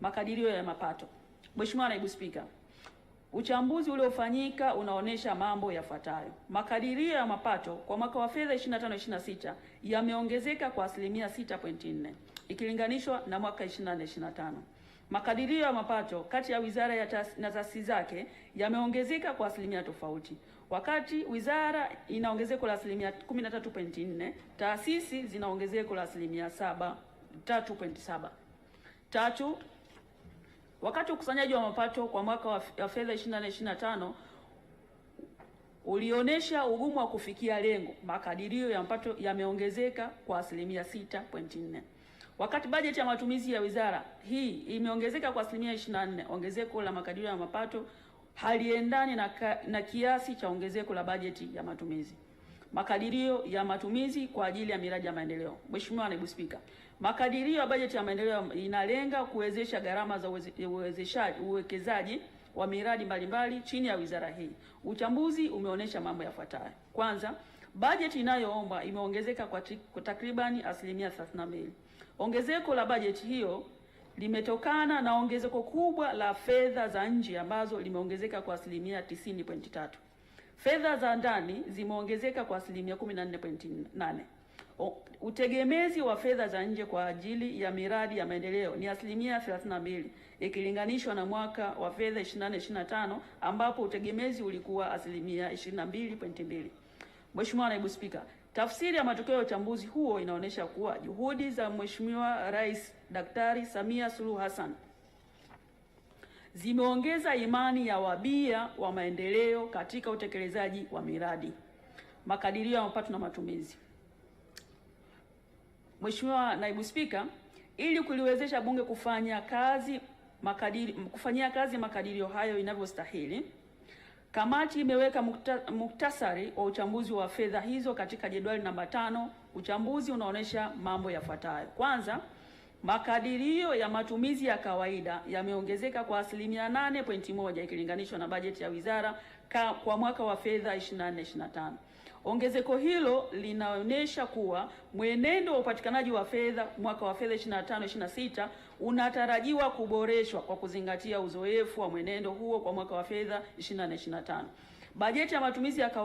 makadirio ya mapato. Mheshimiwa Naibu Spika, uchambuzi uliofanyika unaonyesha mambo yafuatayo. Makadirio ya mapato kwa mwaka wa fedha 25-26 yameongezeka kwa asilimia 6.4 ikilinganishwa na mwaka 24-25. Makadirio ya mapato kati ya wizara ya tas, na taasisi zake yameongezeka kwa asilimia tofauti. Wakati wizara ina ongezeko la asilimia 13.4, taasisi zina ongezeko la asilimia 7 3.7. Tatu, Wakati ukusanyaji wa mapato kwa mwaka wa fedha 2024 25 ulionyesha ugumu wa kufikia lengo, makadirio ya mapato yameongezeka kwa asilimia 6.4, wakati bajeti ya matumizi ya wizara hii imeongezeka kwa asilimia 24. Ongezeko la makadirio ya mapato haliendani na, na kiasi cha ongezeko la bajeti ya matumizi makadirio ya matumizi kwa ajili ya miradi ya maendeleo. Mheshimiwa Naibu Spika, makadirio ya bajeti ya maendeleo inalenga kuwezesha gharama za uwezeshaji uwekezaji wa miradi mbalimbali chini ya wizara hii. Uchambuzi umeonyesha mambo yafuatayo. Kwanza, bajeti inayoombwa imeongezeka kwa takribani asilimia 32. Ongezeko la bajeti hiyo limetokana na ongezeko kubwa la fedha za nje ambazo limeongezeka kwa asilimia 90.3. Fedha za ndani zimeongezeka kwa asilimia 14.8. Utegemezi wa fedha za nje kwa ajili ya miradi ya maendeleo ni asilimia 32 ikilinganishwa na mwaka wa fedha 2425 ambapo utegemezi ulikuwa asilimia 22.2. Mheshimiwa Naibu Spika, tafsiri ya matokeo ya uchambuzi huo inaonyesha kuwa juhudi za Mheshimiwa Rais Daktari Samia Suluhu Hassan zimeongeza imani ya wabia wa maendeleo katika utekelezaji wa miradi, makadirio ya mapato na matumizi. Mheshimiwa Naibu Spika, ili kuliwezesha Bunge kufanya kazi makadiri, kufanyia kazi makadirio hayo inavyostahili, kamati imeweka muktasari wa uchambuzi wa fedha hizo katika jedwali namba tano. Uchambuzi unaonyesha mambo yafuatayo. Kwanza, Makadirio ya matumizi ya kawaida yameongezeka kwa asilimia 8.1 ikilinganishwa na bajeti ya wizara ka, kwa mwaka wa fedha 24 Ongezeko hilo linaonyesha kuwa mwenendo wa upatikanaji wa fedha mwaka wa fedha 2025/2026 unatarajiwa kuboreshwa kwa kuzingatia uzoefu wa mwenendo huo kwa mwaka wa fedha 24/25. Bajeti ya matumizi ya kawaida